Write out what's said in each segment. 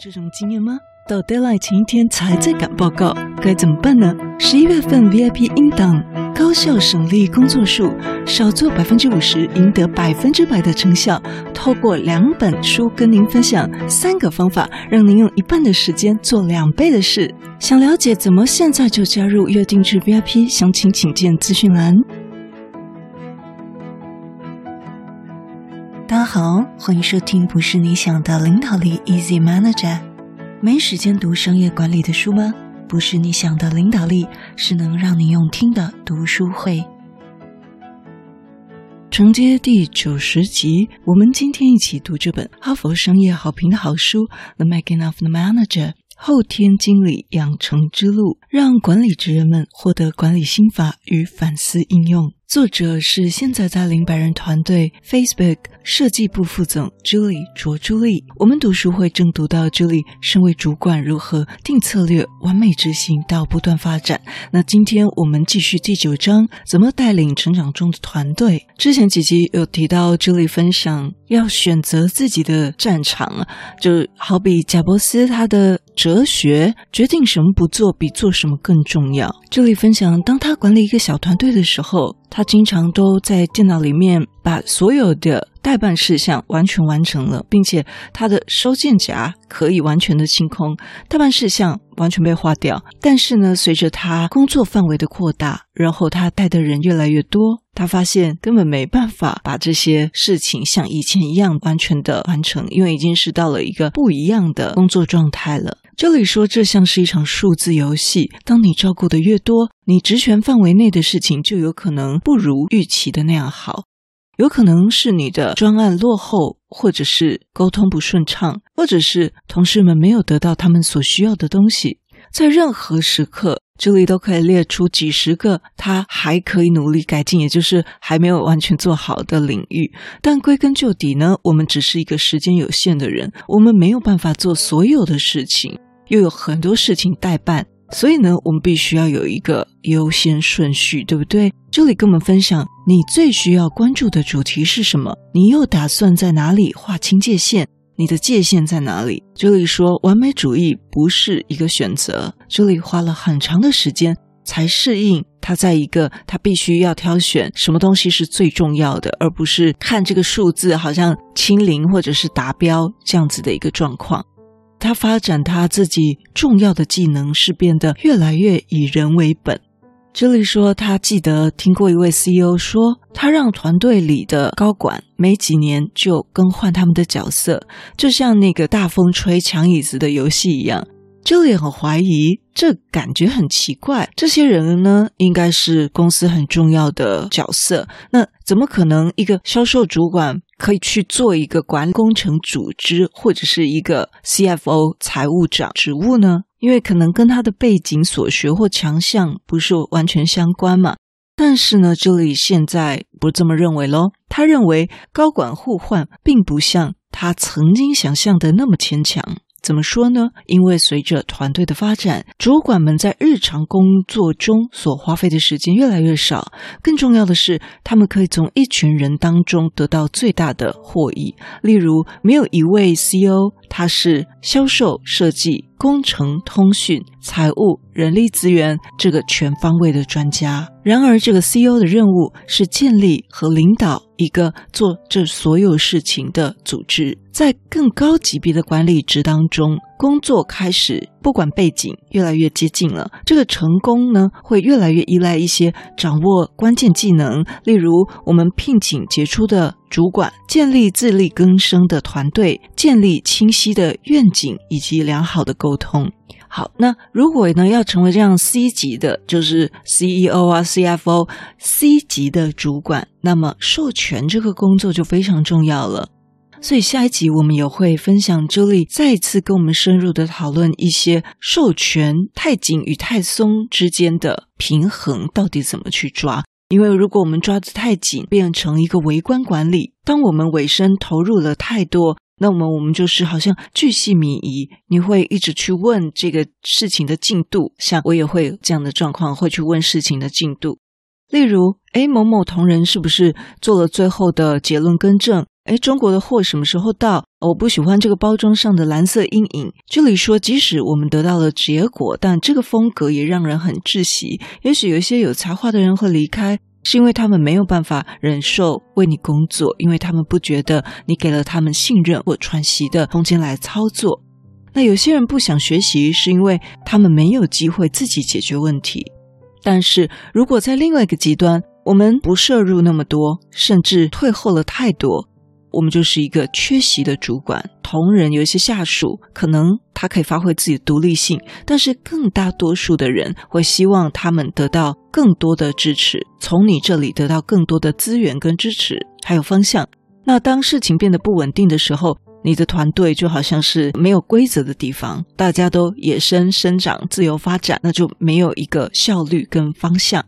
這種經驗嗎？到 deadline 前一天才在趕報告，該怎麼辦呢？十一月份 VIP 音檔，高效省力工作術，少做百分之五十，贏得百分之百的成效。透過兩本書跟您分享三個方法，讓您用一半的時間做兩倍的事。想了解怎麼？現在就加入月訂制 VIP，詳情請見資訊欄。好，歡迎收聽不是你想的領導力 Easy Manager。沒時間讀商業管理的書嗎？不是你想的領導力，是能讓你用聽的讀書會。承接第九十集，我們今天一起讀這本哈佛商業好評的好書《The Making of the Manager：後天經理養成之路》，讓管理職人們獲得管理心法與反思應用。作者是現在帶領百人團隊 Facebook 設計部副總 Julie 卓朱莉。我們讀書會正讀到朱莉身為主管如何定策略，完美執行到不斷發展。那今天我們繼續第九章，怎麼帶領成長中的團隊？之前幾集有提到朱莉分享要選擇自己的戰場，就好比賈伯斯他的哲學，決定什麼不做比做什麼更重要。朱莉分享，當他管理一個小團隊的時候。他經常都在電腦裡面。把所有的待辦事項完全完成了，並且他的收件夾可以完全的清空，待辦事項完全被劃掉。但是呢，隨着他工作範圍的擴大，然後他帶的人越來越多，他發現根本沒辦法把這些事情像以前一樣完全的完成，因為已經是到了一個不一樣的工作狀態了。這裡說，這像是一場數字遊戲，當你照顧的越多，你職權範圍內的事情就有可能不如預期的那樣好。有可能是你的專案落後，或者是溝通不順暢，或者是同事們沒有得到他們所需要的東西。在任何時刻，這裡都可以列出幾十個他還可以努力改進，也就是還沒有完全做好的領域。但歸根究底呢，我們只是一個時間有限的人，我們沒有辦法做所有的事情，又有很多事情待辦。所以呢，我們必須要有一個優先順序，對不對？這裡跟我們分享，你最需要關注的主題是什麼？你又打算在哪裡劃清界限？你的界限在哪裡？這裡說，完美主義不是一個選擇。這裡花了很長的時間才適應，他在一個他必須要挑選什麼東西是最重要的，而不是看這個數字好像清零或者是達標這樣子的一個狀況。他發展他自己重要的技能，是變得越來越以人為本。這裡說，他記得聽過一位 CEO 說，他讓團隊裡的高管沒幾年就更換他們的角色，就像那個大風吹搶椅子的遊戲一樣。這裡很懷疑，這感覺很奇怪。這些人呢，應該是公司很重要的角色。那怎麼可能一個銷售主管可以去做一個管理工程組織或者是一個 CFO 財務長職務呢？因為可能跟他的背景所學或強項不是完全相關嘛。但是呢，這裡現在不這麼認為嘍。他認為高管互換並不像他曾經想象的那麼牽強。怎麼說呢？因為隨着團隊的發展，主管們在日常工作中所花費的時間越來越少。更重要的是，他們可以從一群人當中得到最大的獲益。例如，沒有一位 CEO。他是銷售、設計、工程、通訊、財務、人力資源這個全方位的專家。然而，這個 CEO 的任務是建立和領導一個做這所有事情的組織。在更高級別的管理職當中。工作開始，不管背景，越來越接近了。這個成功呢，會越來越依賴一些掌握關鍵技能，例如我們聘請傑出的主管，建立自力更生的團隊，建立清晰的願景以及良好的溝通。好，那如果呢要成為這樣 C 級的，就是 CEO 啊、CFO、C 級的主管，那麼授權這個工作就非常重要了。所以下一集我們也會分享朱莉再一次跟我們深入的討論一些授權太緊與太鬆之間的平衡到底怎麼去抓。因為如果我們抓得太緊，變成一個微觀管理，當我們尾聲投入了太多，那我們我們就是好像巨細靡遺，你會一直去問這個事情的進度，像我也會有這樣的狀況，會去問事情的進度，例如 A 某某同仁是不是做了最後的結論更正？哎，中國的貨什麼時候到？我不喜歡這個包裝上的藍色陰影。這裡說，即使我們得到了結果，但這個風格也讓人很窒息。也許有一些有才華的人會離開，是因為他們沒有辦法忍受為你工作，因為他們不覺得你給了他們信任或喘息的空間來操作。那有些人不想學習，是因為他們沒有機會自己解決問題。但是如果在另外一個極端，我們不涉入那麼多，甚至退後了太多。我們就是一個缺席的主管，同仁有一些下屬，可能他可以發揮自己的獨立性，但是更大多數的人會希望他們得到更多的支持，從你這裡得到更多的資源跟支持，還有方向。那當事情變得不穩定的時候，你的團隊就好像是沒有規則的地方，大家都野生生長、自由發展，那就沒有一個效率跟方向。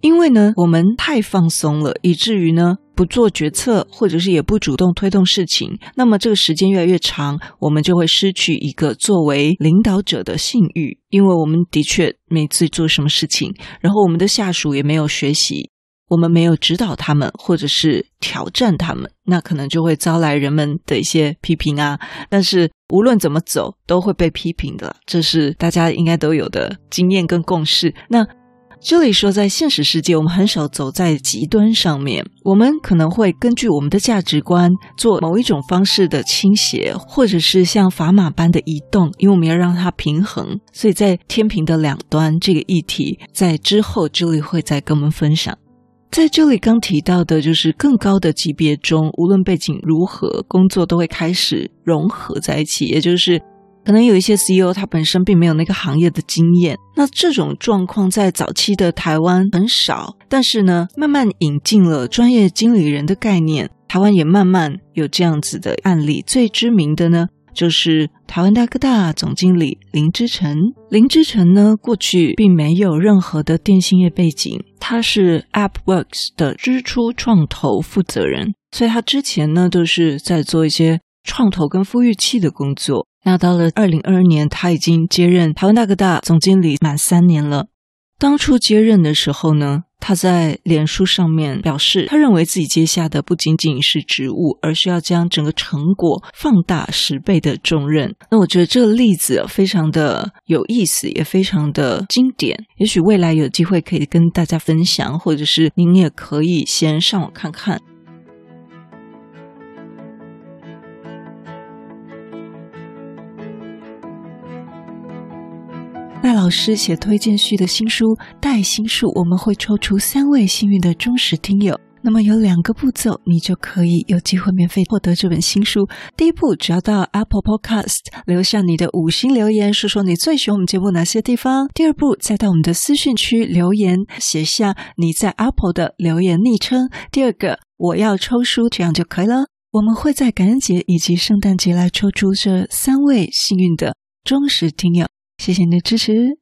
因為呢，我們太放鬆了，以至於呢。不做決策，或者是也不主動推動事情，那麼這個時間越來越長，我們就會失去一個作為領導者的信譽。因為我們的確每次做什麼事情，然後我們的下屬也沒有學習，我們沒有指導他們，或者是挑戰他們，那可能就會招來人們的一些批評啊。但是無論怎麼走，都會被批評的，這是大家應該都有的經驗跟共識。那。這裡說，在現實世界，我們很少走在極端上面。我們可能會根據我們的價值觀，做某一種方式的傾斜，或者是像砝碼般的移動，因為我們要讓它平衡。所以在天平的兩端，這個議題在之後這裡會再跟我們分享。在這裡剛提到的，就是更高的級別中，無論背景如何，工作都會開始融合在一起，也就是。可能有一些 CEO 他本身並沒有那個行業的經驗，那這種狀況在早期的台灣很少，但是呢，慢慢引進了專業經理人的概念，台灣也慢慢有這樣子的案例。最知名的呢，就是台灣大哥大總經理林之晨，林之晨呢，過去並沒有任何的電信業背景，他是 AppWorks 的支出創投負責人，所以他之前呢都是在做一些創投跟孵育器的工作。那到了二零二二年，他已經接任台灣大哥大總經理滿三年了。當初接任的時候呢，他在臉書上面表示，他認為自己接下的不僅僅是職務，而是要將整個成果放大十倍的重任。那我覺得這個例子非常的有意思，也非常的經典。也許未來有機會可以跟大家分享，或者是您也可以先上網看看。老師寫推薦序的新書帶心術，我們會抽出三位幸運的忠實聽友。那麼有兩個步驟，你就可以有機會免費獲得這本新書。第一步，只要到 Apple Podcast 留下你的五星留言，說說你最喜歡我們節目哪些地方。第二步，再到我們的私訊區留言，寫下你在 Apple 的留言昵稱。第二個，我要抽書，這樣就可以了。我們會在感恩節以及聖誕節來抽出這三位幸運的忠實聽友。謝謝你的支持。